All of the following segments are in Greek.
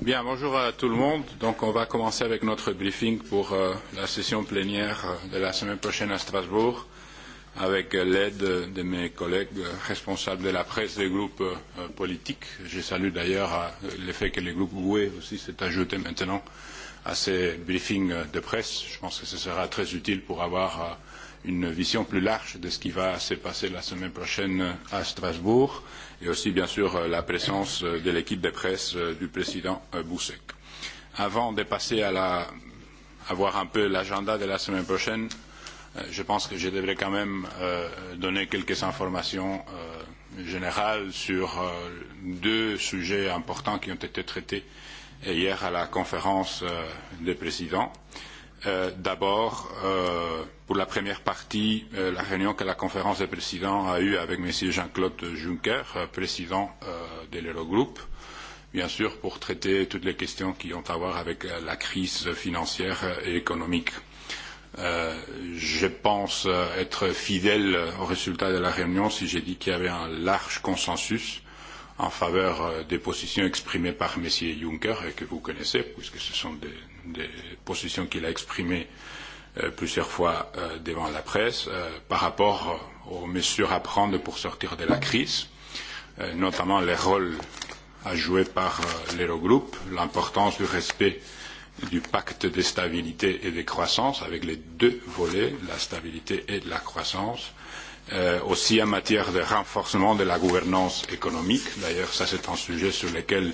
Bien, bonjour à tout le monde. Donc, on va commencer avec notre briefing pour la session plénière de la semaine prochaine à Strasbourg, avec l'aide de mes collègues responsables de la presse des groupes politiques. Je salue d'ailleurs le fait que le groupe GUE aussi s'est ajouté maintenant à ces briefings de presse. Je pense que ce sera très utile pour avoir une vision plus large de ce qui va se passer la semaine prochaine à Strasbourg et aussi, bien sûr, la présence de l'équipe de presse du président Boussek. Avant de passer à voir un peu l'agenda de la semaine prochaine, je pense que je devrais quand même donner quelques informations générales sur deux sujets importants qui ont été traités hier à la conférence des présidents. D'abord, pour la première partie, la réunion que la conférence des présidents a eue avec M. Jean-Claude Juncker, président de l'Eurogroupe, bien sûr pour traiter toutes les questions qui ont à voir avec la crise financière et économique. Je pense être fidèle au résultat de la réunion si j'ai dit qu'il y avait un large consensus en faveur des positions exprimées par M. Juncker et que vous connaissez, puisque ce sont des des positions qu'il a exprimées plusieurs fois devant la presse par rapport aux mesures à prendre pour sortir de la crise, notamment les rôles à jouer par l'Eurogroupe, l'importance du respect du pacte de stabilité et de croissance avec les deux volets, la stabilité et la croissance, aussi en matière de renforcement de la gouvernance économique. D'ailleurs, ça c'est un sujet sur lequel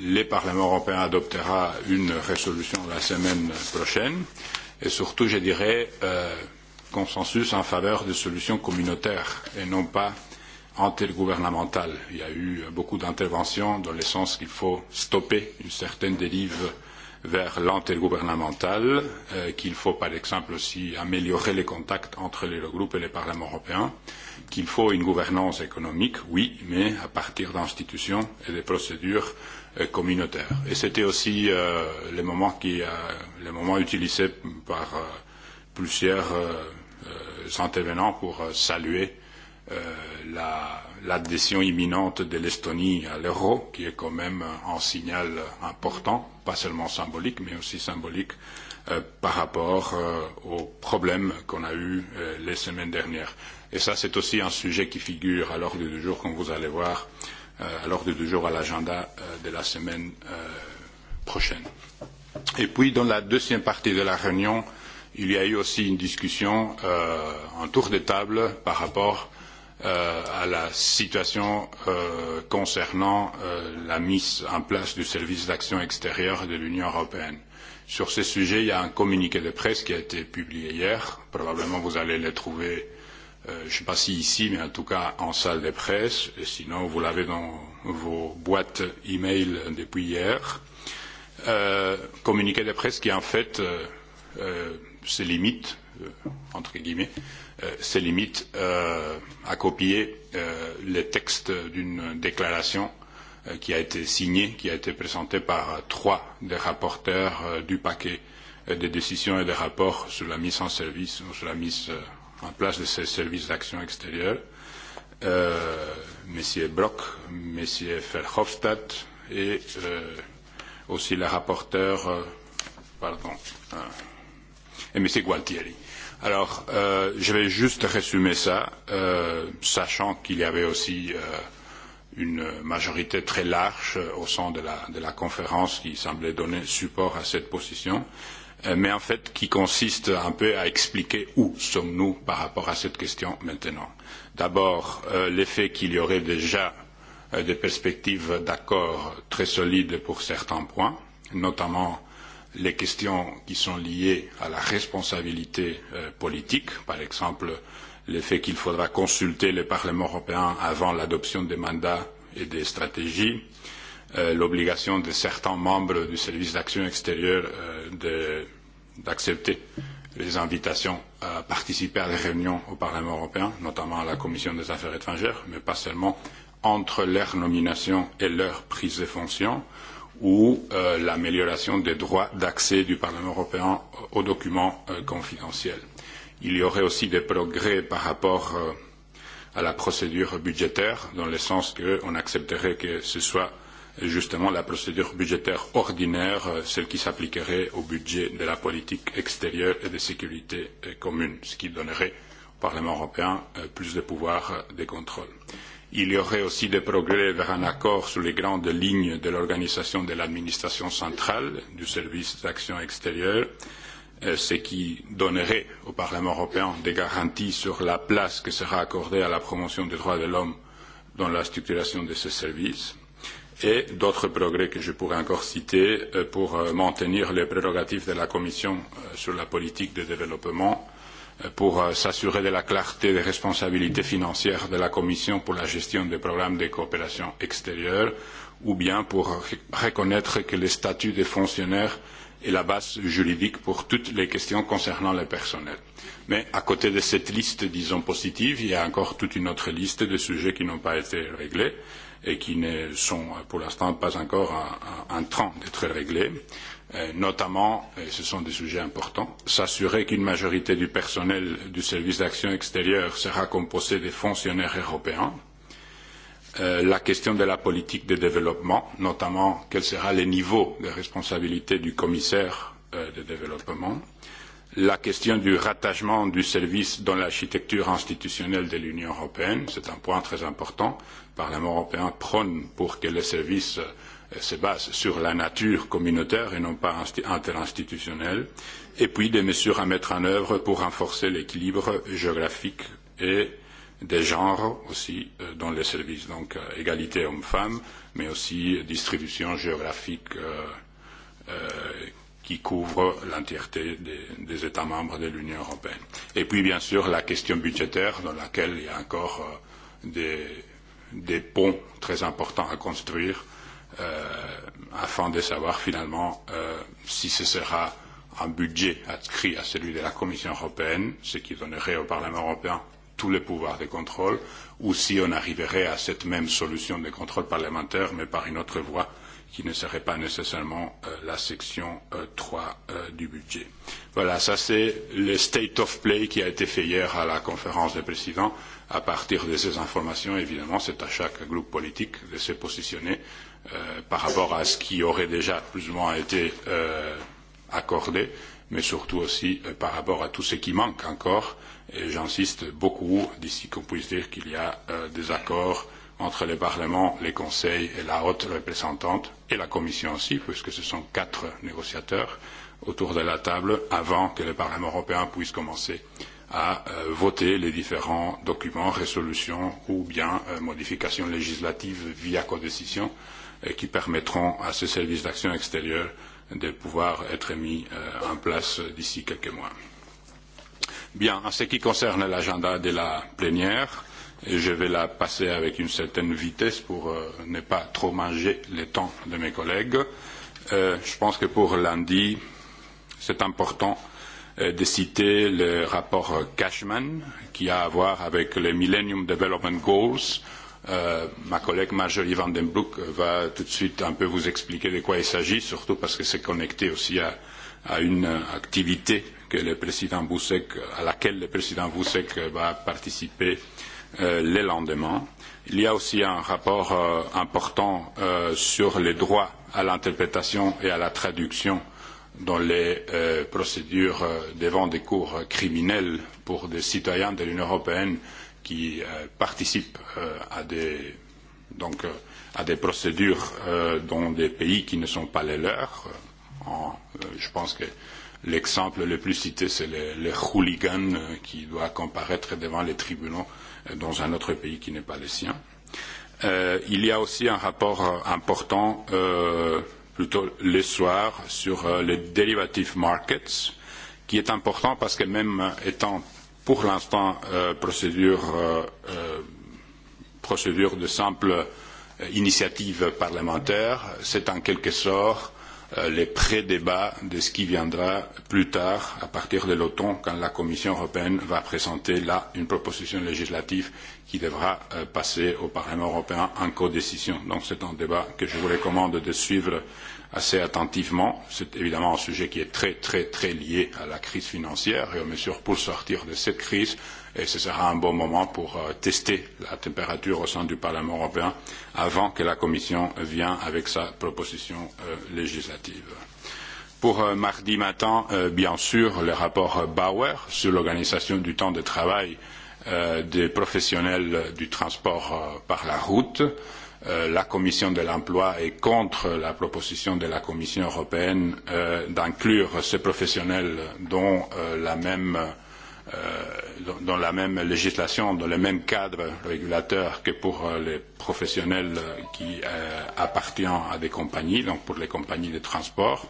le Parlement européen adoptera une résolution la semaine prochaine et surtout, je dirais, consensus en faveur de solutions communautaires et non pas intergouvernementales. Il y a eu beaucoup d'interventions dans le sens qu'il faut stopper une certaine dérive vers l'intergouvernemental, qu'il faut par exemple aussi améliorer les contacts entre l'Eurogroupe et le Parlement européen, qu'il faut une gouvernance économique, oui, mais à partir d'institutions et des procédures communautaires. Et c'était aussi le moment qui le moment utilisé par plusieurs intervenants pour saluer la l'adhésion imminente de l'Estonie à l'euro, qui est quand même un signal important, pas seulement symbolique, mais aussi symbolique par rapport aux problèmes qu'on a eus les semaines dernières. Et ça, c'est aussi un sujet qui figure à l'ordre du jour, comme vous allez voir, à l'ordre du jour à l'agenda de la semaine prochaine. Et puis, dans la deuxième partie de la réunion, il y a eu aussi une discussion, un tour de table par rapport à la situation concernant la mise en place du service d'action extérieure de l'Union européenne. Sur ce sujet, il y a un communiqué de presse qui a été publié hier. Probablement, vous allez le trouver, je ne sais pas si ici, mais en tout cas en salle de presse. Sinon, vous l'avez dans vos boîtes e-mail depuis hier. Communiqué de presse qui, en fait, se limite, entre guillemets, se limite à copier le texte d'une déclaration qui a été signée, qui a été présentée par trois des rapporteurs du paquet des décisions et des rapports sur la mise en service ou sur la mise en place de ces services d'action extérieure, M. Brock, M. Verhofstadt et aussi le rapporteur, pardon, et M. Gualtieri. Alors, je vais juste résumer ça, sachant qu'il y avait aussi une majorité très large au sein de la conférence qui semblait donner support à cette position, mais en fait qui consiste un peu à expliquer où sommes-nous par rapport à cette question maintenant. D'abord, l'effet qu'il y aurait déjà des perspectives d'accord très solides pour certains points, notamment les questions qui sont liées à la responsabilité politique, par exemple le fait qu'il faudra consulter le Parlement européen avant l'adoption des mandats et des stratégies, l'obligation de certains membres du service d'action extérieure d'accepter les invitations à participer à des réunions au Parlement européen, notamment à la Commission des affaires étrangères, mais pas seulement entre leur nomination et leur prise de fonction ou l'amélioration des droits d'accès du Parlement européen aux documents confidentiels. Il y aurait aussi des progrès par rapport à la procédure budgétaire, dans le sens qu'on accepterait que ce soit justement la procédure budgétaire ordinaire, celle qui s'appliquerait au budget de la politique extérieure et de sécurité commune, ce qui donnerait au Parlement européen plus de pouvoir de contrôle il y aurait aussi des progrès vers un accord sur les grandes lignes de l'organisation de l'administration centrale du service d'action extérieure ce qui donnerait au parlement européen des garanties sur la place qui sera accordée à la promotion des droits de l'homme dans la structuration de ce service et d'autres progrès que je pourrais encore citer pour maintenir les prérogatives de la commission sur la politique de développement pour s'assurer de la clarté des responsabilités financières de la Commission pour la gestion des programmes de coopération extérieure, ou bien pour reconnaître que le statut des fonctionnaires est la base juridique pour toutes les questions concernant le personnel. Mais à côté de cette liste, disons, positive, il y a encore toute une autre liste de sujets qui n'ont pas été réglés et qui ne sont pour l'instant pas encore en train d'être réglés notamment, et ce sont des sujets importants, s'assurer qu'une majorité du personnel du service d'action extérieure sera composée de fonctionnaires européens, la question de la politique de développement, notamment quel sera le niveau de responsabilité du commissaire de développement, la question du rattachement du service dans l'architecture institutionnelle de l'Union européenne, c'est un point très important. Le Parlement européen prône pour que les services se base sur la nature communautaire et non pas interinstitutionnelle, et puis des mesures à mettre en œuvre pour renforcer l'équilibre géographique et des genres aussi dans les services, donc égalité hommes-femmes, mais aussi distribution géographique qui couvre l'entièreté des États membres de l'Union européenne. Et puis, bien sûr, la question budgétaire, dans laquelle il y a encore des ponts très importants à construire afin de savoir finalement si ce sera un budget adscrit à celui de la Commission européenne, ce qui donnerait au Parlement européen tous les pouvoirs de contrôle, ou si on arriverait à cette même solution de contrôle parlementaire, mais par une autre voie qui ne serait pas nécessairement la section 3 du budget. Voilà, ça c'est le state of play qui a été fait hier à la conférence des présidents. À partir de ces informations, évidemment, c'est à chaque groupe politique de se positionner par rapport à ce qui aurait déjà plus ou moins été accordé, mais surtout aussi par rapport à tout ce qui manque encore. Et j'insiste beaucoup d'ici qu'on puisse dire qu'il y a des accords entre le Parlement, les conseils et la haute représentante, et la Commission aussi, puisque ce sont quatre négociateurs autour de la table, avant que le Parlement européen puisse commencer à voter les différents documents, résolutions ou bien modifications législatives via codécision, qui permettront à ce service d'action extérieure de pouvoir être mis en place d'ici quelques mois. Bien, en ce qui concerne l'agenda de la plénière, je vais la passer avec une certaine vitesse pour ne pas trop manger le temps de mes collègues. Je pense que pour lundi, c'est important de citer le rapport Cashman qui a à voir avec les Millennium Development Goals. Ma collègue Marjorie Van den Broek va tout de suite un peu vous expliquer de quoi il s'agit, surtout parce que c'est connecté aussi à une activité que le président Boussek, à laquelle le président Boussek va participer les lendemains. Il y a aussi un rapport important sur les droits à l'interprétation et à la traduction dans les procédures devant des cours criminels pour des citoyens de l'Union européenne qui participent à des donc à des procédures dans des pays qui ne sont pas les leurs. Je pense que l'exemple le plus cité, c'est le hooligan qui doit comparaître devant les tribunaux dans un autre pays qui n'est pas le sien. Il y a aussi un rapport important, plutôt le soir, sur les derivative markets, qui est important parce que même étant pour l'instant procédure de simple initiative parlementaire, c'est en quelque sorte les pré-débats de ce qui viendra plus tard, à partir de l'automne, quand la Commission européenne va présenter là une proposition législative qui devra passer au Parlement européen en codécision. Donc c'est un débat que je vous recommande de suivre assez attentivement. C'est évidemment un sujet qui est très, très, très lié à la crise financière et aux mesures pour sortir de cette crise et ce sera un bon moment pour tester la température au sein du Parlement européen avant que la Commission vienne avec sa proposition législative. Pour mardi matin, bien sûr, le rapport Bauer sur l'organisation du temps de travail des professionnels du transport par la route. La Commission de l'emploi est contre la proposition de la Commission européenne d'inclure ces professionnels dont la même dans la même législation, dans le même cadre régulateur que pour les professionnels qui appartiennent à des compagnies, donc pour les compagnies de transport.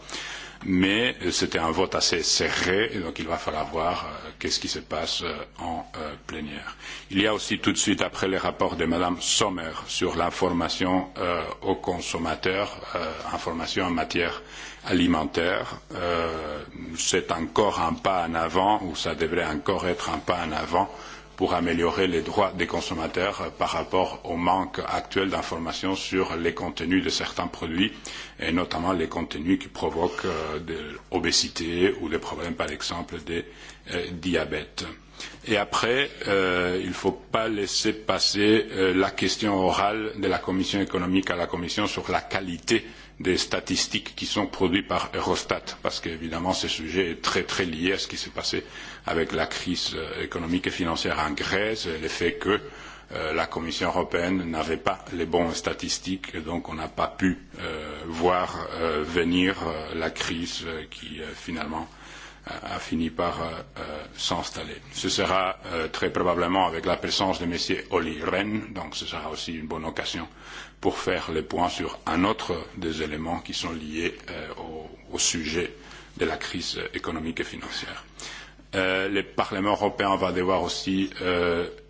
Mais c'était un vote assez serré, et donc il va falloir voir qu'est-ce qui se passe en plénière. Il y a aussi tout de suite après le rapport de Madame Sommer sur l'information aux consommateurs, information en matière alimentaire. C'est encore un pas en avant, ou ça devrait encore être un pas en avant, pour améliorer les droits des consommateurs par rapport au manque actuel d'informations sur les contenus de certains produits, et notamment les contenus qui provoquent de l'obésité ou des problèmes, par exemple, des diabètes. Et après, il ne faut pas laisser passer la question orale de la Commission économique à la Commission sur la qualité des statistiques qui sont produites par Eurostat, parce qu'évidemment ce sujet est très très lié à ce qui s'est passé avec la crise économique et financière en Grèce et le fait que la Commission européenne n'avait pas les bonnes statistiques et donc on n'a pas pu voir venir la crise qui finalement a fini par s'installer. Ce sera très probablement avec la présence de M. Olli Rehn, donc ce sera aussi une bonne occasion pour faire le point sur un autre des éléments qui sont liés au sujet de la crise économique et financière. Le Parlement européen va devoir aussi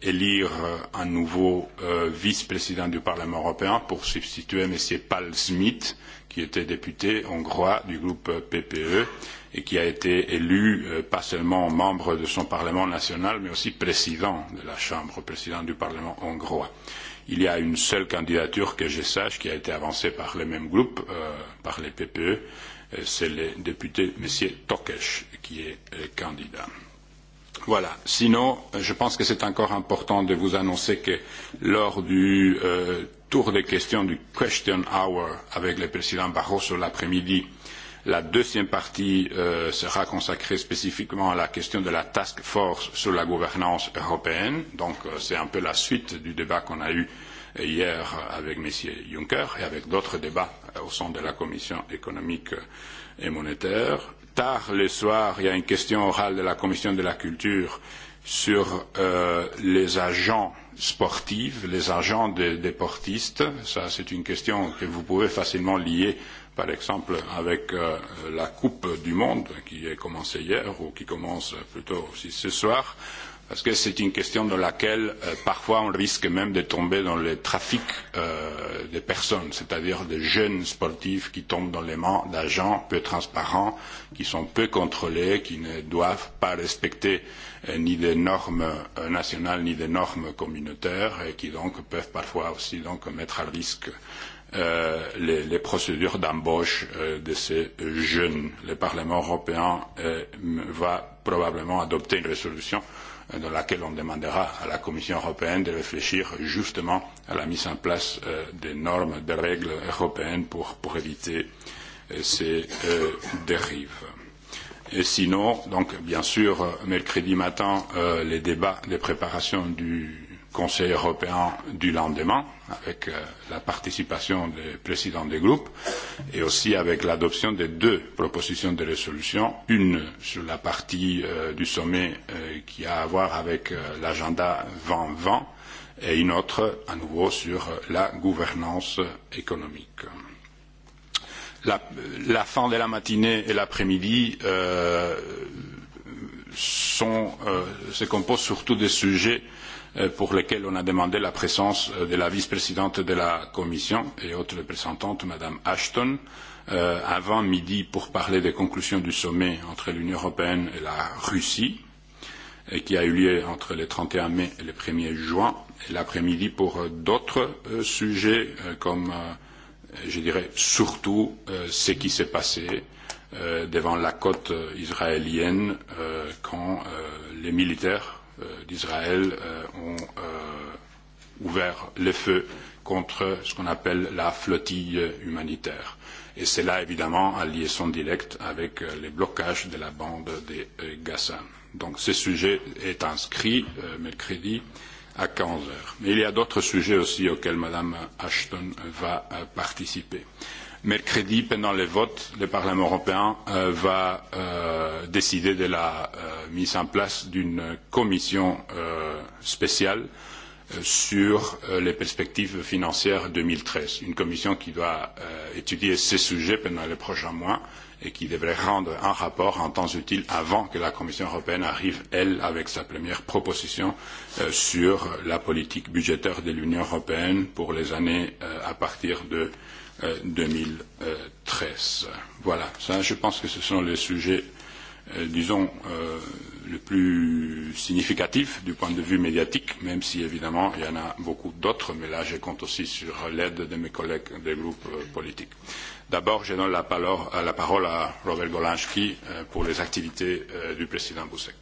élire un nouveau vice-président du Parlement européen pour substituer M. Paul Smith, qui était député hongrois du groupe PPE et qui a été élu pas seulement membre de son Parlement national, mais aussi président de la Chambre, président du Parlement hongrois. Il y a une seule candidature que je sache qui a été avancée par le même groupe, par les PPE, c'est le député M. Tokesh qui est candidat. Voilà. Sinon, je pense que c'est encore important de vous annoncer que lors du tour des questions du Question Hour avec le président Barroso l'après-midi, La deuxième partie sera consacrée spécifiquement à la question de la task force sur la gouvernance européenne. Donc c'est un peu la suite du débat qu'on a eu hier avec M. Juncker et avec d'autres débats au sein de la Commission économique et monétaire. Tard le soir, il y a une question orale de la Commission de la culture sur les agents sportifs, les agents des déportistes. Ça, c'est une question que vous pouvez facilement lier par exemple avec la Coupe du Monde qui a commencé hier ou qui commence plutôt aussi ce soir, parce que c'est une question dans laquelle parfois on risque même de tomber dans le trafic des personnes, c'est-à-dire des jeunes sportifs qui tombent dans les mains d'agents peu transparents, qui sont peu contrôlés, qui ne doivent pas respecter ni des normes nationales ni des normes communautaires et qui donc peuvent parfois aussi mettre à risque les procédures d'embauche de ces jeunes. Le Parlement européen va probablement adopter une résolution dans laquelle on demandera à la Commission européenne de réfléchir justement à la mise en place des normes, des règles européennes pour éviter ces dérives. Et sinon, donc bien sûr, mercredi matin, les débats de préparation du Conseil européen du lendemain, avec la participation des présidents des groupes, et aussi avec l'adoption de deux propositions de résolution, une sur la partie du sommet qui a à voir avec l'agenda 2020, et une autre, à nouveau, sur la gouvernance économique. La fin de la matinée et l'après-midi se composent surtout des sujets pour lesquels on a demandé la présence de la vice-présidente de la Commission et autres représentante, Mme Ashton, avant midi pour parler des conclusions du sommet entre l'Union européenne et la Russie, qui a eu lieu entre le 31 mai et le 1er juin, et l'après-midi pour d'autres sujets, comme, je dirais, surtout ce qui s'est passé devant la côte israélienne quand les militaires d'Israël ont ouvert le feu contre ce qu'on appelle la flottille humanitaire. Et c'est là, évidemment, en liaison directe avec les blocages de la bande des Gaza. Donc ce sujet est inscrit mercredi à 15 heures. Mais il y a d'autres sujets aussi auxquels Mme Ashton va participer mercredi pendant le vote le parlement européen va décider de la mise en place d'une commission spéciale sur les perspectives financières 2013 une commission qui doit étudier ces sujets pendant les prochains mois et qui devrait rendre un rapport en temps utile avant que la commission européenne arrive elle avec sa première proposition sur la politique budgétaire de l'union européenne pour les années à partir de 2013. Voilà, ça je pense que ce sont les sujets, disons, les plus significatifs du point de vue médiatique, même si évidemment il y en a beaucoup d'autres, mais là je compte aussi sur l'aide de mes collègues des groupes politiques. D'abord, je donne la parole à Robert Golanski pour les activités du président Boussek.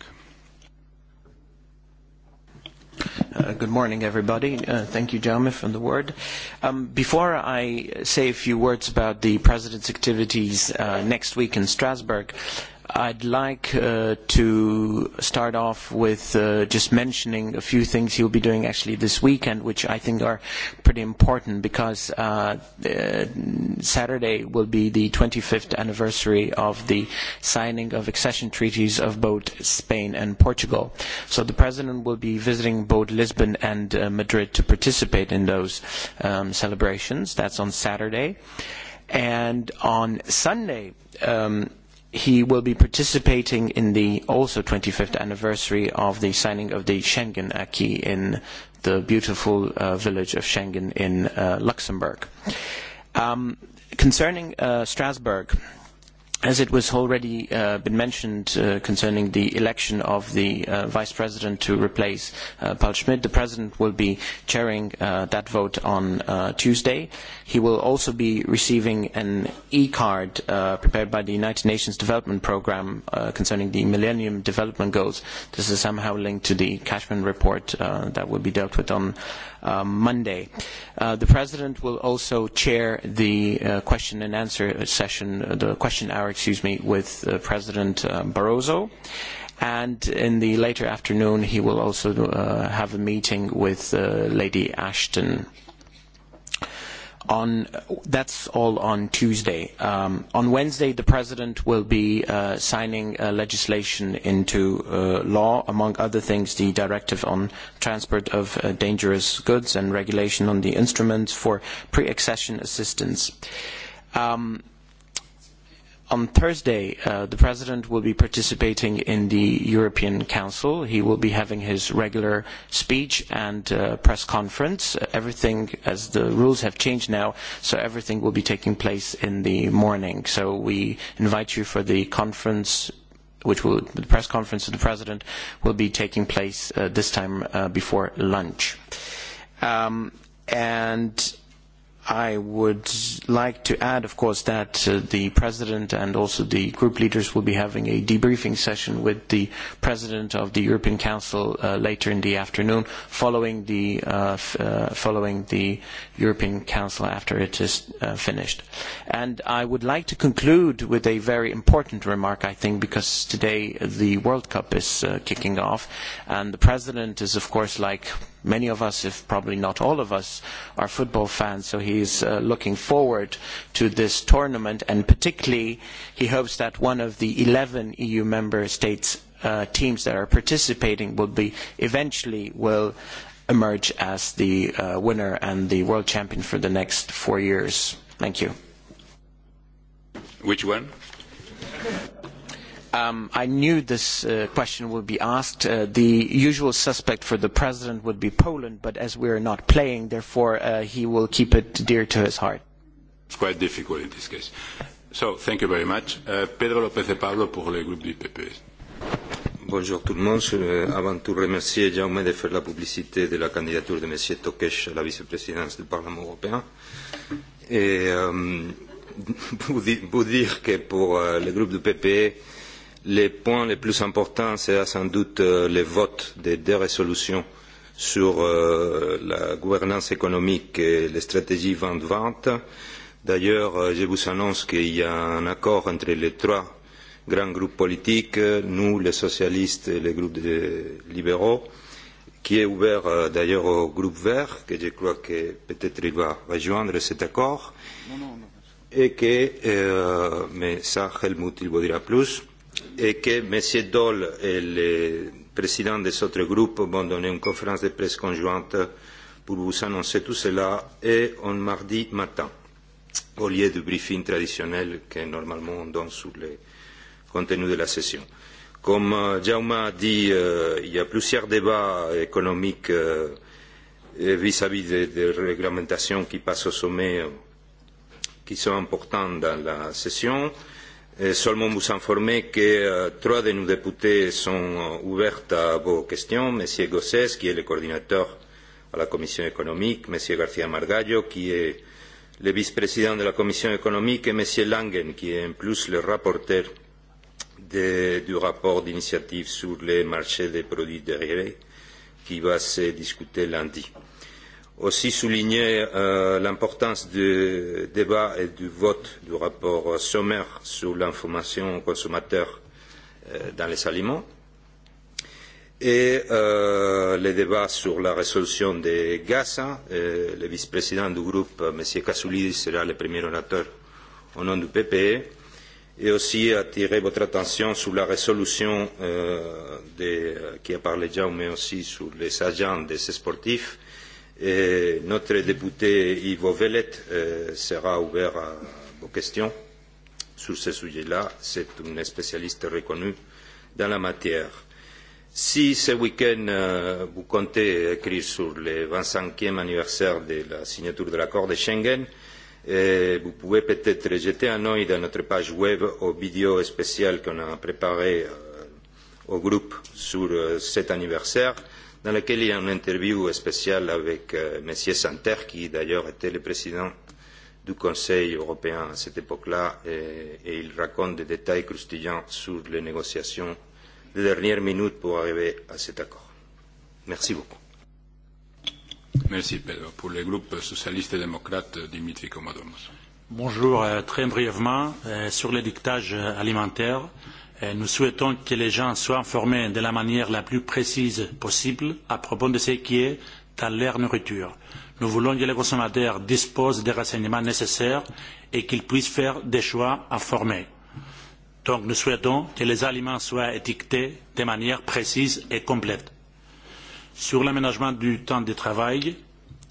Good morning, everybody. Thank you, Jaume, for the word. Before I say a few words about the President's activities next week in Strasbourg, I'd like to start off with just mentioning a few things will be doing actually this weekend, which I think are pretty important because Saturday will be the 25th anniversary of the signing of accession treaties of both Spain and Portugal. So the President will be visiting both Lisbon and Madrid to participate in those celebrations. That's on Saturday. And on Sunday, he will be participating in the also 25th anniversary of the signing of the Schengen Acquis in the beautiful village of Schengen in Luxembourg. Concerning Strasbourg As it was already been mentioned concerning the election of the Vice President to replace Paul Schmidt, the President will be chairing that vote on Tuesday. He will also be receiving an e-card prepared by the United Nations Development Programme concerning the Millennium Development Goals. This is somehow linked to the Cashman report that will be dealt with on Monday. The President will also chair the question and answer session, the question hour, excuse me, with President Barroso. And in the later afternoon, he will also have a meeting with Lady Ashton on that's all on tuesday on wednesday the president will be signing legislation into law among other things the directive on transport of dangerous goods and regulation on the instruments for pre accession assistance On Thursday, the President will be participating in the European Council. He will be having his regular speech and press conference. Everything, as the rules have changed now, so everything will be taking place in the morning. So we invite you for the conference, which will, the press conference of the President will be taking place this time before lunch. And I would like to add, of course, that the President and also the group leaders will be having a debriefing session with the President of the European Council later in the afternoon, following the European Council after it is finished. And I would like to conclude with a very important remark, I think, because today the World Cup is kicking off, and the President is, of course, like Many of us, if probably not all of us, are football fans, so he is looking forward to this tournament, and particularly he hopes that one of the 11 EU member states' teams that are participating will eventually will emerge as the winner and the world champion for the next four years. Thank you. Which one? I knew this question would be asked. The usual suspect for the president would be Poland, but as we are not playing, therefore he will keep it dear to his heart. It's quite difficult in this case. So, thank you very much. Pedro López de Pablo pour le groupe du PPE. Bonjour tout le monde. avant tout remercier Jaume de faire la publicité de la candidature de M. Tokesh à la vice-présidence du Parlement européen. Et vous dire que pour le groupe du PPE, Les points les plus importants, c'est sans doute le vote des deux résolutions sur la gouvernance économique et les stratégies 2020. D'ailleurs, je vous annonce qu'il y a un accord entre les trois grands groupes politiques, nous, les socialistes et les groupes libéraux, qui est ouvert d'ailleurs au groupe vert, que je crois que peut-être il va rejoindre cet accord, et que, mais ça, Helmut, il vous dira plus et que M. Daul et le président des autres groupes vont donner une conférence de presse conjointe pour vous annoncer tout cela et en mardi matin, au lieu du briefing traditionnel que normalement on donne sur le contenu de la session. Comme Jaume a dit, il y a plusieurs débats économiques vis-à-vis des réglementations qui passent au sommet qui sont importants dans la session. Seulement vous informer que trois de nos députés sont ouverts à vos questions. M. Gossès, qui est le coordinateur à la Commission économique, M. García Margallo, qui est le vice-président de la Commission économique, et M. Langen, qui est en plus le rapporteur du rapport d'initiative sur les marchés des produits dérivés, qui va se discuter lundi aussi souligner l'importance du débat et du vote du rapport sommaire sur l'information aux consommateurs dans les aliments et les débats sur la résolution de Gaza. Le vice-président du groupe, M. Kassoulidis, sera le premier orateur au nom du PPE et aussi attirer votre attention sur la résolution qui a parlé déjà, mais aussi sur les agents des sportifs Notre député Ivo Vellet sera ouvert à vos questions sur ce sujet-là. C'est une spécialiste reconnue dans la matière. Si ce week-end vous comptez écrire sur le 25e anniversaire de la signature de l'accord de Schengen, vous pouvez peut-être jeter un œil dans notre page web aux vidéos spéciales qu'on a préparées au groupe sur cet anniversaire dans laquelle il y a une interview spéciale avec M. Santer, qui d'ailleurs était le président du Conseil européen à cette époque-là, et il raconte des détails croustillants sur les négociations de dernière minute pour arriver à cet accord. Merci beaucoup. Merci, Pour le groupe socialiste démocrate, Dimitri Komodomos. Bonjour. Très brièvement, sur dictages alimentaire, Nous souhaitons que les gens soient informés de la manière la plus précise possible à propos de ce qui est dans leur nourriture. Nous voulons que les consommateurs disposent des renseignements nécessaires et qu'ils puissent faire des choix informés. Donc nous souhaitons que les aliments soient étiquetés de manière précise et complète. Sur l'aménagement du temps de travail,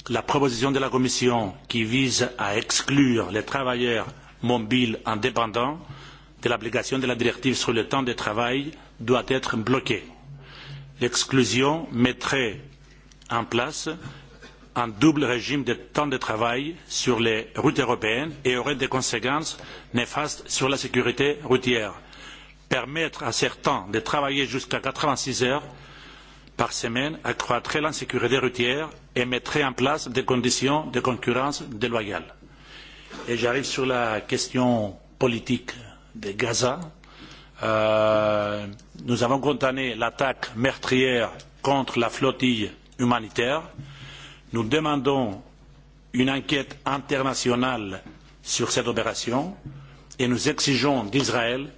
la proposition de la Commission qui vise à exclure les travailleurs mobiles indépendants de l'application de la directive sur le temps de travail doit être bloquée. L'exclusion mettrait en place un double régime de temps de travail sur les routes européennes et aurait des conséquences néfastes sur la sécurité routière. Permettre à certains de travailler jusqu'à 86 heures par semaine accroîtrait l'insécurité routière et mettrait en place des conditions de concurrence déloyale. Et j'arrive sur la question politique de Gaza. Nous avons condamné l'attaque meurtrière contre la flottille humanitaire. Nous demandons une enquête internationale sur cette opération et nous exigeons d'Israël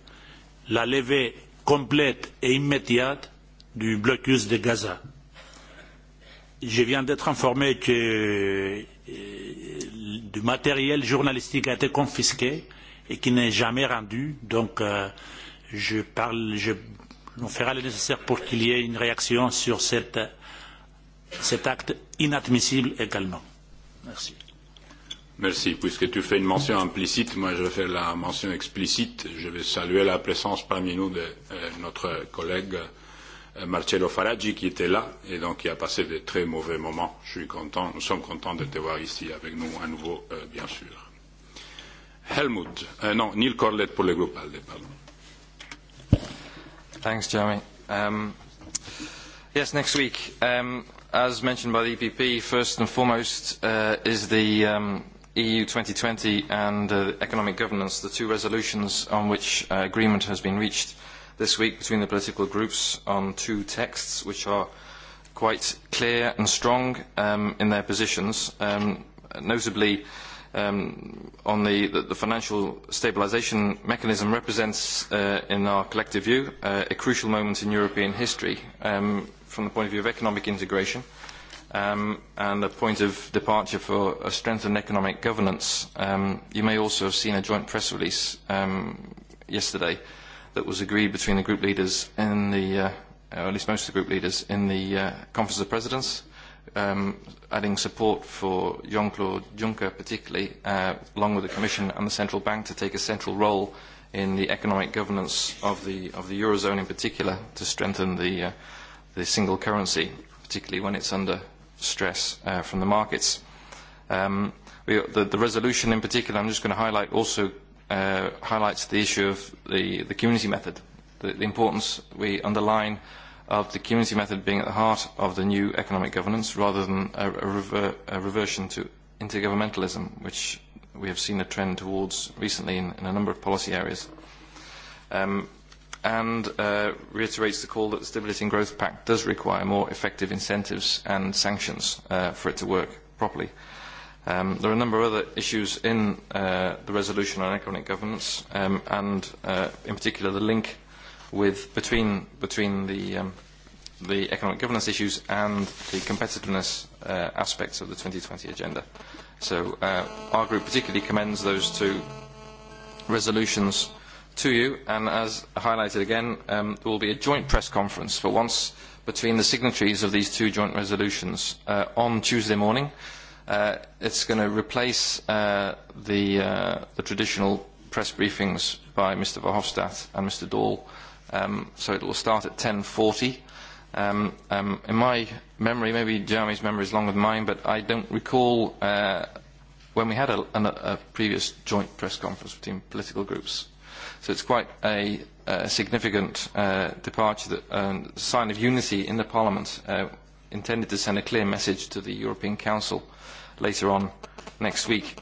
la levée complète et immédiate du blocus de Gaza. Je viens d'être informé que du matériel journalistique a été confisqué et qui n'est jamais rendu. Donc, je parle, je, on fera le nécessaire pour qu'il y ait une réaction sur cette, cet acte inadmissible également. Merci. Merci. Puisque tu fais une mention implicite, moi je vais faire la mention explicite. Je vais saluer la présence parmi nous de notre collègue Marcello Faraggi qui était là et donc qui a passé de très mauvais moments. Je suis content, nous sommes contents de te voir ici avec nous à nouveau, bien sûr. Helmut, no, Neil Corlett pour le groupe ALDE. Thanks, Jeremy. Yes, next week, as mentioned by the EPP, first and foremost is the EU 2020 and economic governance, the two resolutions on which agreement has been reached this week between the political groups on two texts which are quite clear and strong in their positions. Notably, on the financial stabilisation mechanism represents, in our collective view, a crucial moment in European history from the point of view of economic integration and a point of departure for a strengthened economic governance. You may also have seen a joint press release yesterday that was agreed between the group leaders in the, or at least most of the group leaders in the Conference of Presidents adding support for Jean-Claude Juncker particularly, along with the Commission and the Central Bank, to take a central role in the economic governance of the Eurozone in particular, to strengthen the single currency, particularly when it's under stress from the markets. The resolution in particular, I'm just going to highlight, also highlights the issue of the community method, the importance we underline of the community method being at the heart of the new economic governance rather than a reversion to intergovernmentalism, which we have seen a trend towards recently in a number of policy areas, and reiterates the call that the Stability and Growth Pact does require more effective incentives and sanctions for it to work properly. There are a number of other issues in the resolution on economic governance, and in particular the link with between between the the economic governance issues and the competitiveness aspects of the 2020 agenda. So our group particularly commends those two resolutions to you, and as highlighted again, there will be a joint press conference for once between the signatories of these two joint resolutions on Tuesday morning. It's going to replace the traditional press briefings by Mr. Verhofstadt and Mr. Dahl so it will start at 10.40. In my memory, maybe Jeremy's memory is longer than mine, but I don't recall when we had a previous joint press conference between political groups. So it's quite a significant departure, a sign of unity in the Parliament, intended to send a clear message to the European Council later on next week.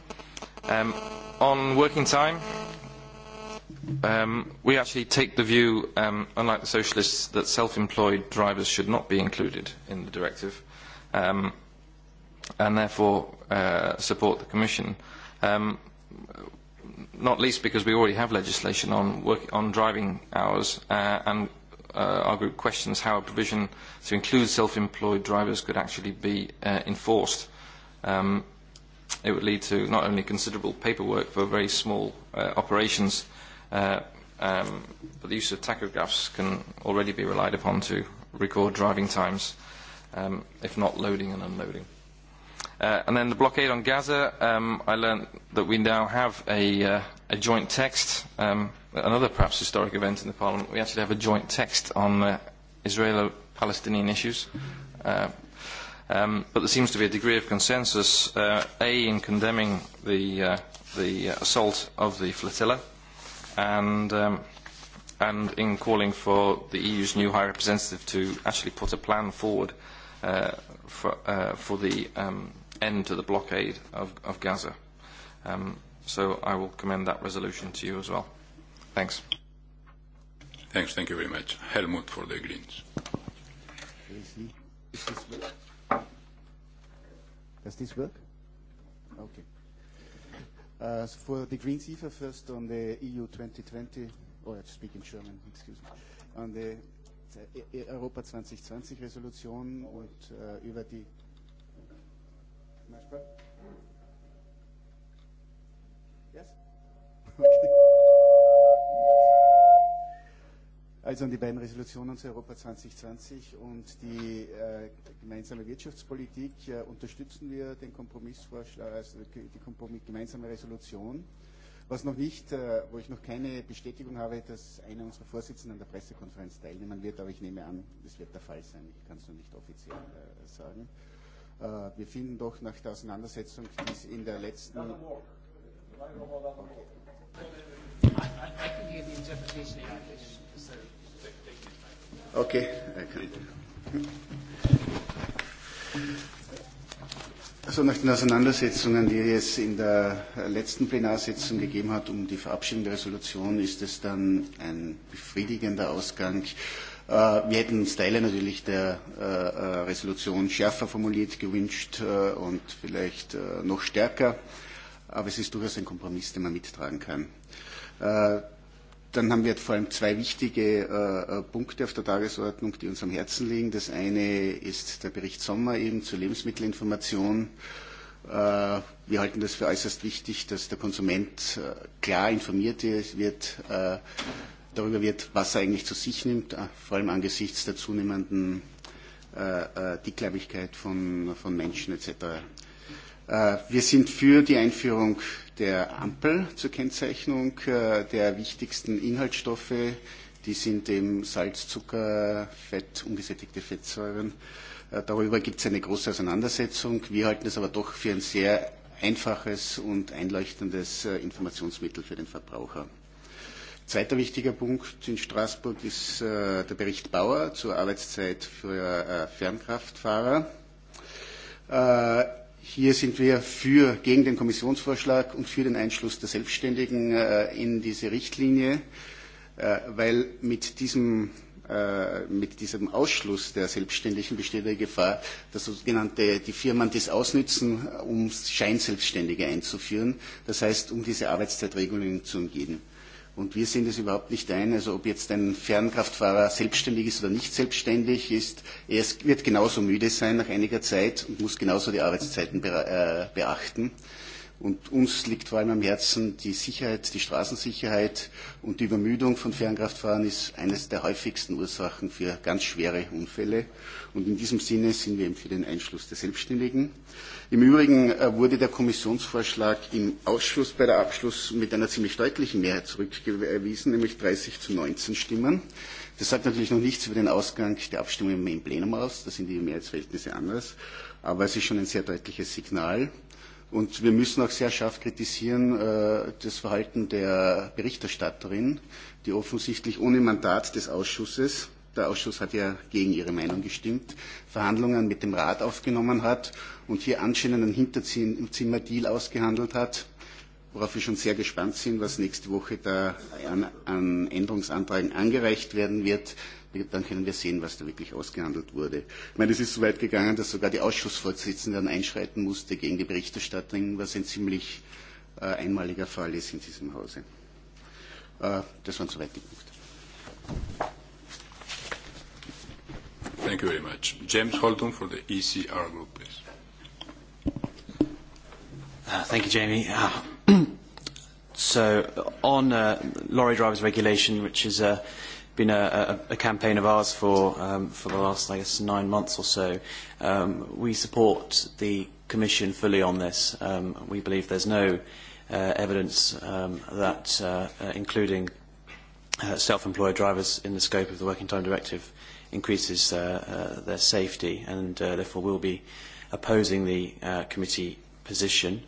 On working time. We actually take the view, unlike the socialists, that self-employed drivers should not be included in the directive, and therefore support the Commission. Not least because we already have legislation on driving hours, and our group questions how a provision to include self-employed drivers could actually be enforced. It would lead to not only considerable paperwork for very small operations but the use of tachographs can already be relied upon to record driving times, if not loading and unloading. And then the blockade on Gaza, I learned that we now have a joint text, another perhaps historic event in the Parliament. We actually have a joint text on Israeli-Palestinian issues. But there seems to be a degree of consensus, A, in condemning the assault of the flotilla and in calling for the EU's new High Representative to actually put a plan forward for the end to the blockade of Gaza. So I will commend that resolution to you as well. Thanks. Thanks. Thank you very much. Helmut for the Greens. Does this work? Okay. For the Greens, Eva, first on the EU 2020, oh I speak in German, excuse me, on the Europa 2020 Resolution und über die. Yes? Also an die beiden Resolutionen zu Europa 2020 und die gemeinsame Wirtschaftspolitik unterstützen wir den Kompromissvorschlag, also die gemeinsame Resolution. Was noch nicht, wo ich noch keine Bestätigung habe, dass einer unserer Vorsitzenden an der Pressekonferenz teilnehmen wird, aber ich nehme an, das wird der Fall sein. Ich kann es noch nicht offiziell sagen. Wir finden doch nach der Auseinandersetzung, die in der letzten. I can Okay. Also nach den Auseinandersetzungen, die es in der letzten Plenarsitzung gegeben hat, um die Verabschiedung der Resolution, ist es dann ein befriedigender Ausgang. Wir hätten Teile natürlich der Resolution schärfer formuliert gewünscht und vielleicht noch stärker, aber es ist durchaus ein Kompromiss, den man mittragen kann. Dann haben wir vor allem zwei wichtige Punkte auf der Tagesordnung, die uns am Herzen liegen. Das eine ist der Bericht Sommer eben zur Lebensmittelinformation. Wir halten das für äußerst wichtig, dass der Konsument klar informiert wird, darüber wird, was er eigentlich zu sich nimmt, vor allem angesichts der zunehmenden Dickleibigkeit von Menschen etc. Wir sind für die Einführung der Ampel zur Kennzeichnung der wichtigsten Inhaltsstoffe. Die sind eben Salz, Zucker, Fett, ungesättigte Fettsäuren. Darüber gibt es eine große Auseinandersetzung. Wir halten es aber doch für ein sehr einfaches und einleuchtendes Informationsmittel für den Verbraucher. Zweiter wichtiger Punkt in Straßburg ist der Bericht Bauer zur Arbeitszeit für Fernkraftfahrer. Hier sind wir gegen den Kommissionsvorschlag und für den Einschluss der Selbstständigen in diese Richtlinie, weil mit diesem Ausschluss der Selbstständigen besteht die Gefahr, dass sogenannte die Firmen dies ausnützen, um Scheinselbstständige einzuführen, das heißt, um diese Arbeitszeitregelungen zu umgehen. Und wir sehen das überhaupt nicht ein. Also ob jetzt ein Fernkraftfahrer selbstständig ist oder nicht selbstständig ist, er wird genauso müde sein nach einiger Zeit und muss genauso die Arbeitszeiten beachten. Und uns liegt vor allem am Herzen die Sicherheit, die Straßensicherheit und die Übermüdung von Fernkraftfahrern ist eines der häufigsten Ursachen für ganz schwere Unfälle. Und in diesem Sinne sind wir eben für den Einschluss der Selbstständigen. Im Übrigen wurde der Kommissionsvorschlag im Ausschuss bei der Abschluss mit einer ziemlich deutlichen Mehrheit zurückgewiesen, nämlich 30 zu 19 Stimmen. Das sagt natürlich noch nichts über den Ausgang der Abstimmung im Plenum aus. Da sind die Mehrheitsverhältnisse anders. Aber es ist schon ein sehr deutliches Signal. Und wir müssen auch sehr scharf kritisieren das Verhalten der Berichterstatterin, die offensichtlich ohne Mandat des Ausschusses der Ausschuss hat ja gegen ihre Meinung gestimmt, Verhandlungen mit dem Rat aufgenommen hat und hier anscheinend einen Hinterzimmerdeal ausgehandelt hat, worauf wir schon sehr gespannt sind, was nächste Woche da an Änderungsanträgen angereicht werden wird dann können wir sehen, was da wirklich ausgehandelt wurde. Ich meine, es ist so weit gegangen, dass sogar die Ausschussvorsitzende dann einschreiten musste gegen die Berichterstatterin, was ein ziemlich einmaliger Fall ist in diesem Hause. Das waren soweit die Punkte. Thank you very much. James Holton for the ECR Group, Thank you, Jamie. So on lorry drivers regulation, which is been a campaign of ours for for the last, I guess, nine months or so. We support the Commission fully on this. We believe there's no evidence that including self-employed drivers in the scope of the Working Time Directive increases their safety, and therefore will be opposing the committee position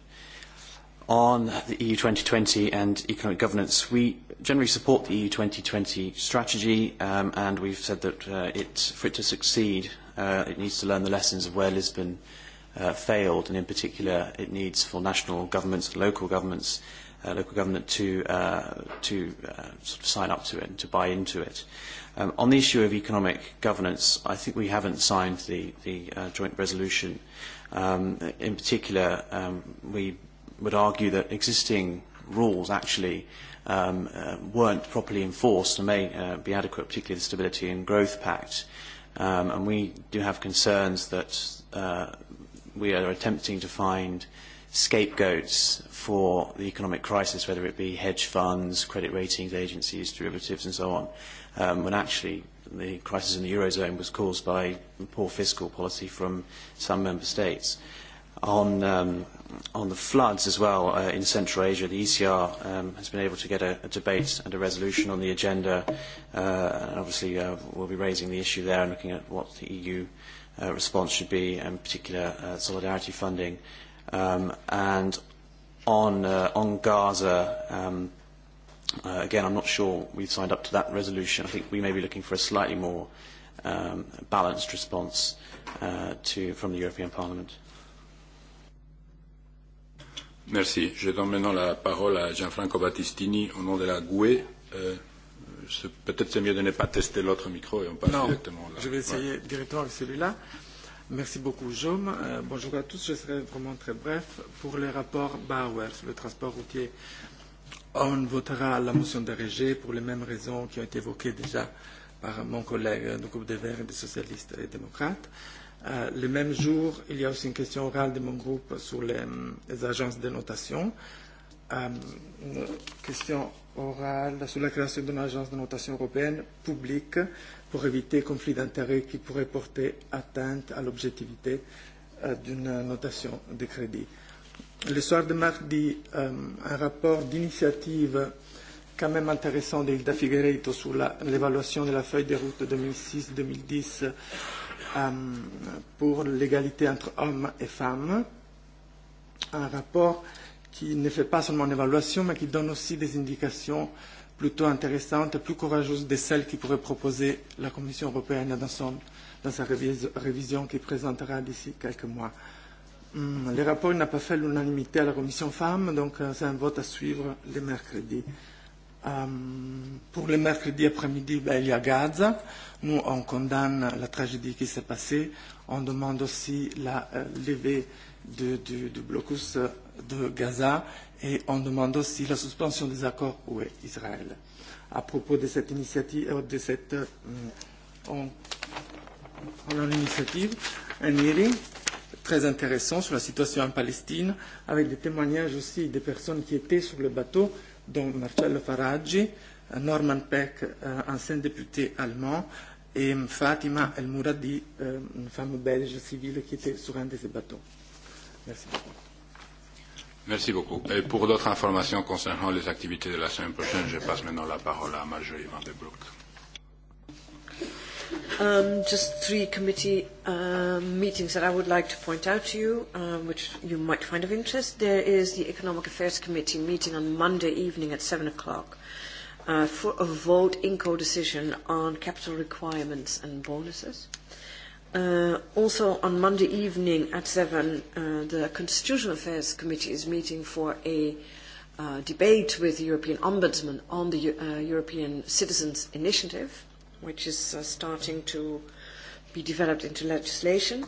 on the EU 2020 and economic governance. We generally support the EU 2020 strategy, and we've said that for it to succeed, it needs to learn the lessons of where Lisbon failed, and in particular, it needs for national governments local governments, local government to to sort of sign up to it and to buy into it. On the issue of economic governance, I think we haven't signed the joint resolution. In particular, we would argue that existing rules actually weren't properly enforced and may be adequate, particularly the Stability and Growth Pact. And we do have concerns that we are attempting to find scapegoats for the economic crisis, whether it be hedge funds, credit ratings agencies, derivatives, and so on, when actually the crisis in the Eurozone was caused by poor fiscal policy from some member states on the floods as well in Central Asia. The ECR has been able to get a debate and a resolution on the agenda. and Obviously, we'll be raising the issue there and looking at what the EU response should be, in particular solidarity funding. And on Gaza, again, I'm not sure we've signed up to that resolution. I think we may be looking for a slightly more balanced response from the European Parliament. Merci. Je donne maintenant la parole à Gianfranco Battistini au nom de la GUE. Peut-être c'est mieux de ne pas tester l'autre micro et on passe directement là. Je vais essayer directement avec celui-là. Merci beaucoup, Jaume. Bonjour à tous. Je serai vraiment très bref. Pour le rapport Bauer sur le transport routier, on votera la motion de Régé pour les mêmes raisons qui ont été évoquées déjà par mon collègue du groupe des Verts et des Socialistes et Démocrates. Le même jour, il y a aussi une question orale de mon groupe sur les agences de notation. Une question orale sur la création d'une agence de notation européenne publique pour éviter conflits d'intérêts qui pourraient porter atteinte à l'objectivité d'une notation de crédit. Le soir de mardi, un rapport d'initiative quand même intéressant d'Hilda Figueiredo sur l'évaluation de la feuille de route 2006-2010 pour l'égalité entre hommes et femmes. Un rapport qui ne fait pas seulement une évaluation, mais qui donne aussi des indications plutôt intéressantes et plus courageuses de celles qui pourrait proposer la Commission européenne dans, sa révision qui présentera d'ici quelques mois. Le rapport n'a pas fait l'unanimité à la Commission femmes, donc c'est un vote à suivre le mercredi. Pour le mercredi après-midi, il y a Gaza. Nous, on condamne la tragédie qui s'est passée. On demande aussi la levée du blocus de Gaza et on demande aussi la suspension des accords avec Israël. À propos de cette initiative, de cette initiative, un hearing très intéressant sur la situation en Palestine avec des témoignages aussi des personnes qui étaient sur le bateau dont Marcello Faraggi, Norman Peck, ancien député allemand, et Fatima El Mouradi, une femme belge civile qui était sur un de ces bateaux. Merci beaucoup. Merci beaucoup. Et pour d'autres informations concernant les activités de la semaine prochaine, je passe maintenant la parole à Marjorie Van de Broek. Just three committee meetings that I would like to point out to you, which you might find of interest. There is the Economic Affairs Committee meeting on Monday evening at 7 o'clock for a vote in co-decision on capital requirements and bonuses. Also on Monday evening at 7, the Constitutional Affairs Committee is meeting for a debate with the European Ombudsman on the European Citizens Initiative which is starting to be developed into legislation.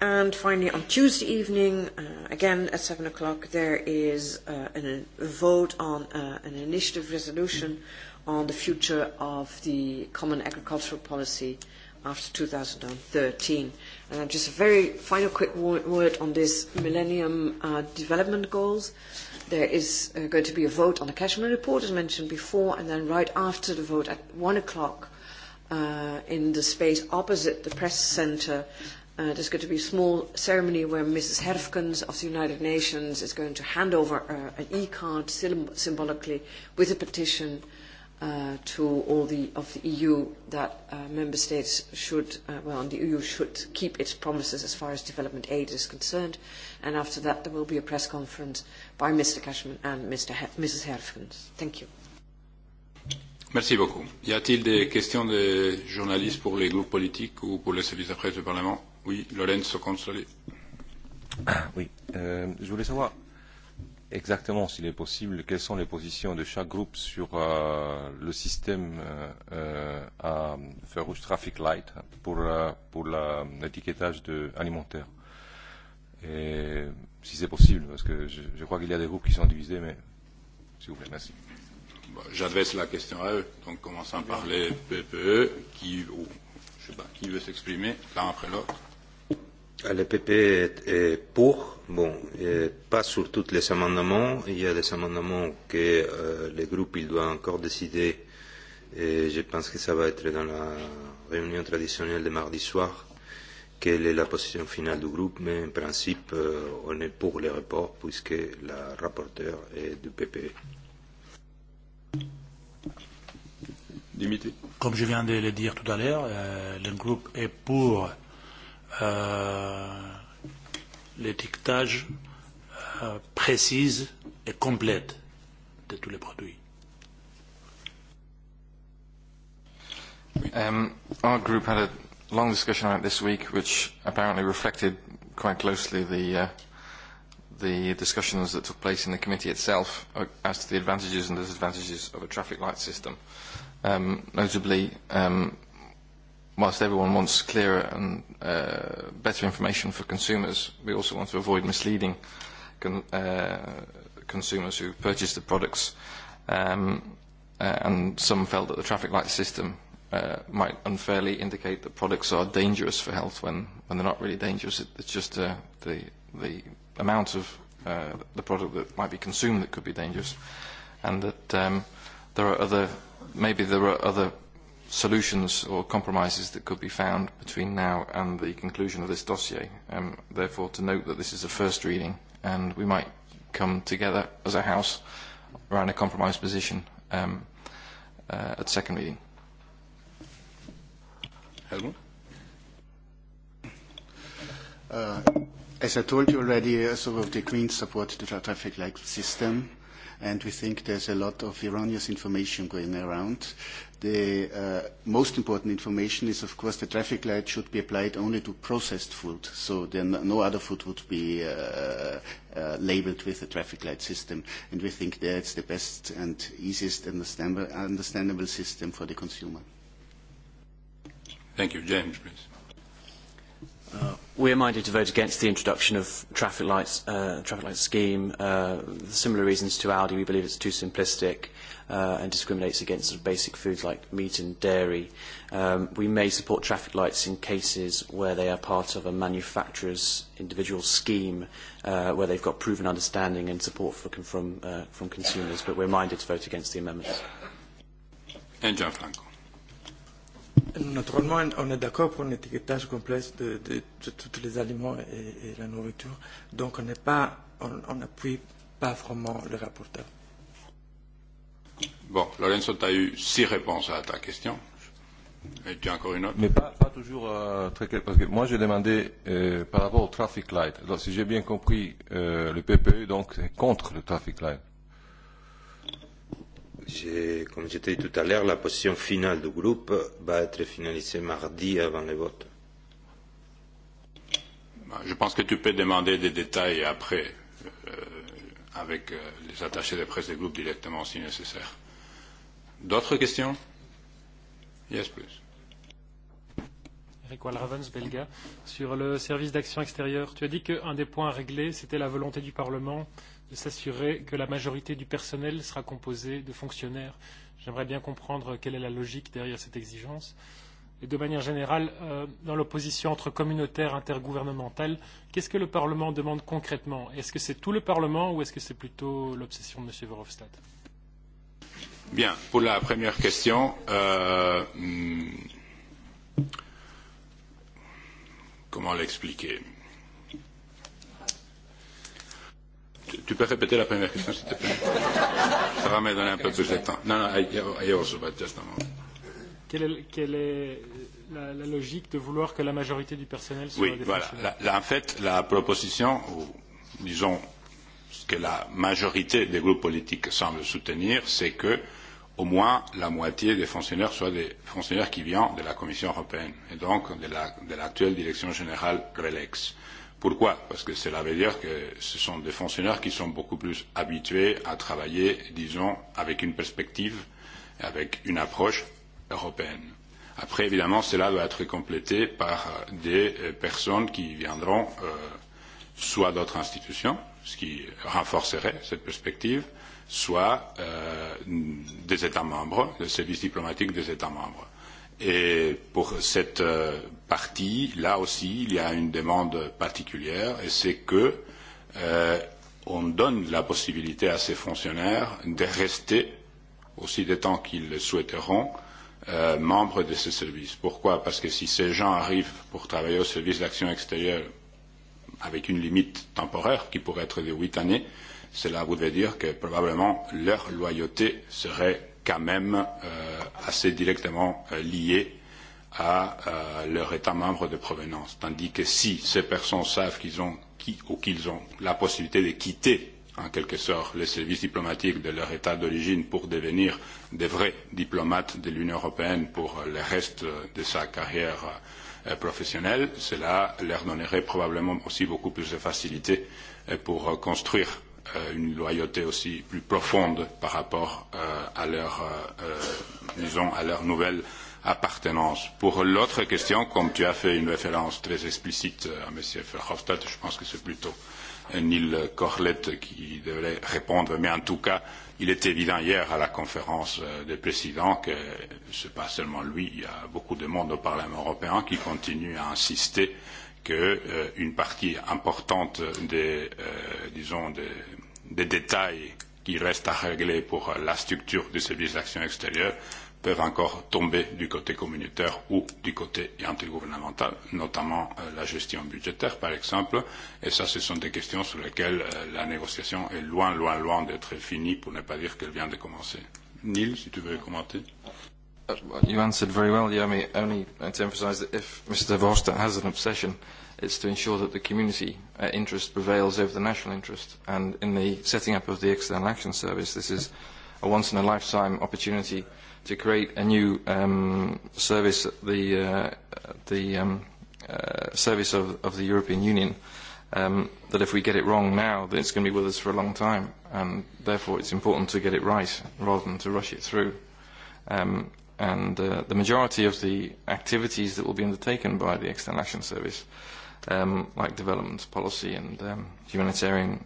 And finally, on Tuesday evening, again at 7 o'clock, there is a vote on an initiative resolution on the future of the common agricultural policy after 2013. And just a very final quick word on this Millennium Development Goals. There is going to be a vote on the Cashman report, as mentioned before, and then right after the vote at 1 o'clock, in the space opposite the press centre. There's going to be a small ceremony where Mrs. Herfkens of the United Nations is going to hand over an e-card symbolically with a petition to all the of the EU that member states should, well, the EU should keep its promises as far as development aid is concerned. And after that, there will be a press conference by Mr. Cashman and Mrs. Herfkens. Thank you. Merci beaucoup. Y a-t-il des questions des journalistes pour les groupes politiques ou pour les services après presse du Parlement Oui, Lorenzo Consoli. Oui, je voulais savoir exactement, s'il est possible, quelles sont les positions de chaque groupe sur le système à faire rouge traffic light pour, pour l'étiquetage alimentaire. Et si c'est possible, parce que je, je crois qu'il y a des groupes qui sont divisés, mais s'il vous plaît, merci. J'adresse la question à eux, donc commençons par les PPE, qui, je sais pas, qui veut s'exprimer, l'un après l'autre. Le PPE est pour, bon, pas sur tous les amendements. Il y a des amendements que le groupe il doit encore décider. Et je pense que ça va être dans la réunion traditionnelle de mardi soir. Quelle est la position finale du groupe Mais en principe, on est pour les reports puisque la rapporteure est du PPE. Comme je viens de le dire tout à l'heure, le groupe est pour euh, l'étiquetage précise et complète de tous les produits. Um, Our group had a long discussion on it this week, which apparently reflected quite closely the the discussions that took place in the committee itself as to the advantages and disadvantages of a traffic light system. Notably, whilst everyone wants clearer and better information for consumers, we also want to avoid misleading consumers who purchase the products. And some felt that the traffic light system might unfairly indicate that products are dangerous for health when when they're not really dangerous. It's just the the amount of the product that might be consumed that could be dangerous, and that um there are other, maybe there are other solutions or compromises that could be found between now and the conclusion of this dossier. Therefore, to note that this is a first reading, and we might come together as a House around a compromise position at second reading. As I told you already, so the Greens support the traffic light system, and we think there's a lot of erroneous information going around. The most important information is, of course, the traffic light should be applied only to processed food, so then no other food would be labeled with a traffic light system, and we think that it's the best and easiest understandable system for the consumer. Thank you. James, please. We are minded to vote against the introduction of traffic lights, traffic light scheme. Similar reasons to Aldi, we believe it's too simplistic and discriminates against basic foods like meat and dairy. We may support traffic lights in cases where they are part of a manufacturer's individual scheme, where they've got proven understanding and support from from consumers. But we're minded to vote against the amendments. And Gianfranco. Naturellement, on est d'accord pour un étiquetage complet de, de, de, tous les aliments et, la nourriture. Donc, on n'est pas, on n'appuie pas vraiment le rapporteur. Bon, Lorenzo, tu as eu six réponses à ta question. Et tu as encore une autre Mais pas, pas toujours très clair. Parce que moi, j'ai demandé par rapport au traffic light. Alors, si j'ai bien compris, le PPE, donc, est contre le traffic light. Comme je dit tout à l'heure, la position finale du groupe va être finalisée mardi avant les votes. Je pense que tu peux demander des détails après, avec les attachés de presse des groupes directement si nécessaire. D'autres questions Yes, please. Eric Walravens, Belga. Sur le service d'action extérieure, tu as dit qu'un des points réglés, c'était la volonté du Parlement de s'assurer que la majorité du personnel sera composée de fonctionnaires. J'aimerais bien comprendre quelle est la logique derrière cette exigence. Et de manière générale, dans l'opposition entre communautaire et intergouvernementale, qu'est-ce que le Parlement demande concrètement Est-ce que c'est tout le Parlement ou est-ce que c'est plutôt l'obsession de M. Verhofstadt Bien, pour la première question, comment l'expliquer Tu peux répéter la première question, s'il te plaît Ça va me donner un peu plus de temps. Non, non, I also, a moment. Quelle est, quelle est la, la logique de vouloir que la majorité du personnel soit Oui, des voilà. La, en fait, la proposition, ou disons ce que la majorité des groupes politiques semble soutenir, c'est que au moins la moitié des fonctionnaires soient des fonctionnaires qui viennent de la Commission européenne et donc de l'actuelle la, direction générale RELEX. Pourquoi Parce que cela veut dire que ce sont des fonctionnaires qui sont beaucoup plus habitués à travailler, disons, avec une perspective, avec une approche européenne. Après, évidemment, cela doit être complété par des personnes qui viendront soit d'autres institutions, ce qui renforcerait cette perspective, soit des États membres, des services diplomatiques des États membres. Et pour cette partie, là aussi, il y a une demande particulière, et c'est que on donne la possibilité à ces fonctionnaires de rester, aussi des temps qu'ils le souhaiteront, membres de ce service. Pourquoi Parce que si ces gens arrivent pour travailler au service d'action extérieure avec une limite temporaire qui pourrait être de huit années, cela voudrait dire que probablement leur loyauté serait quand même assez directement liés à leur État membre de provenance. Tandis que si ces personnes savent qu'ils ont ou qu'ils ont la possibilité de quitter en quelque sorte les services diplomatiques de leur État d'origine pour devenir de vrais diplomates de l'Union européenne pour le reste de sa carrière professionnelle, cela leur donnerait probablement aussi beaucoup plus de facilité pour construire une loyauté aussi plus profonde par rapport à leur, disons, à leur nouvelle appartenance. Pour l'autre question, comme tu as fait une référence très explicite à M. Verhofstadt, je pense que c'est plutôt Neil Corlett qui devrait répondre, mais en tout cas, il est évident hier à la conférence des présidents que ce n'est pas seulement lui, il y a beaucoup de monde au Parlement européen qui continue à insister qu'une partie importante des, disons, des des détails qui restent à régler pour la structure du service d'action extérieure peuvent encore tomber du côté communautaire ou du côté intergouvernemental, notamment la gestion budgétaire, par exemple. Et ça, ce sont des questions sur lesquelles la négociation est loin, loin, loin d'être finie, pour ne pas dire qu'elle vient de commencer. Neil, si tu veux commenter. very well, It's to ensure that the community interest prevails over the national interest. And in the setting up of the External Action Service, this is a once-in-a-lifetime opportunity to create a new service, the service of the European Union, that if we get it wrong now, then it's going to be with us for a long time. And therefore, it's important to get it right rather than to rush it through. And the majority of the activities that will be undertaken by the External Action Service like development policy and humanitarian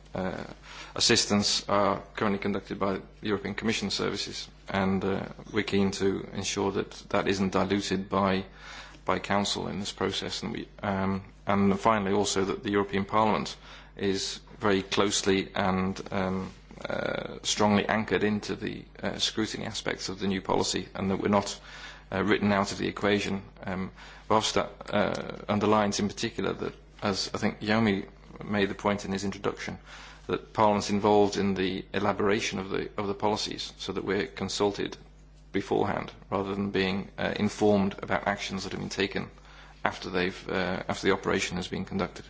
assistance are currently conducted by European Commission services and we're keen to ensure that that isn't diluted by by Council in this process and we and finally also that the European Parliament is very closely and strongly anchored into the scrutiny aspects of the new policy and that we're not written out of the equation. Verhofstadt underlines in particular that, as I think Yomi made the point in his introduction, that Parliament's involved in the elaboration of the of the policies, so that we're consulted beforehand, rather than being informed about actions that have been taken after they've after the operation has been conducted.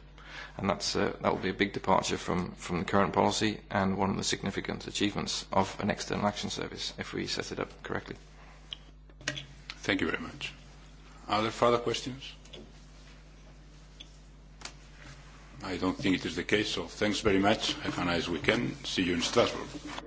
And that's that will be a big departure from from the current policy and one of the significant achievements of an external action service if we set it up correctly. Thank you very much. Are there further questions? I don't think it is the case, so thanks very much. Have a nice weekend. See you in Strasbourg.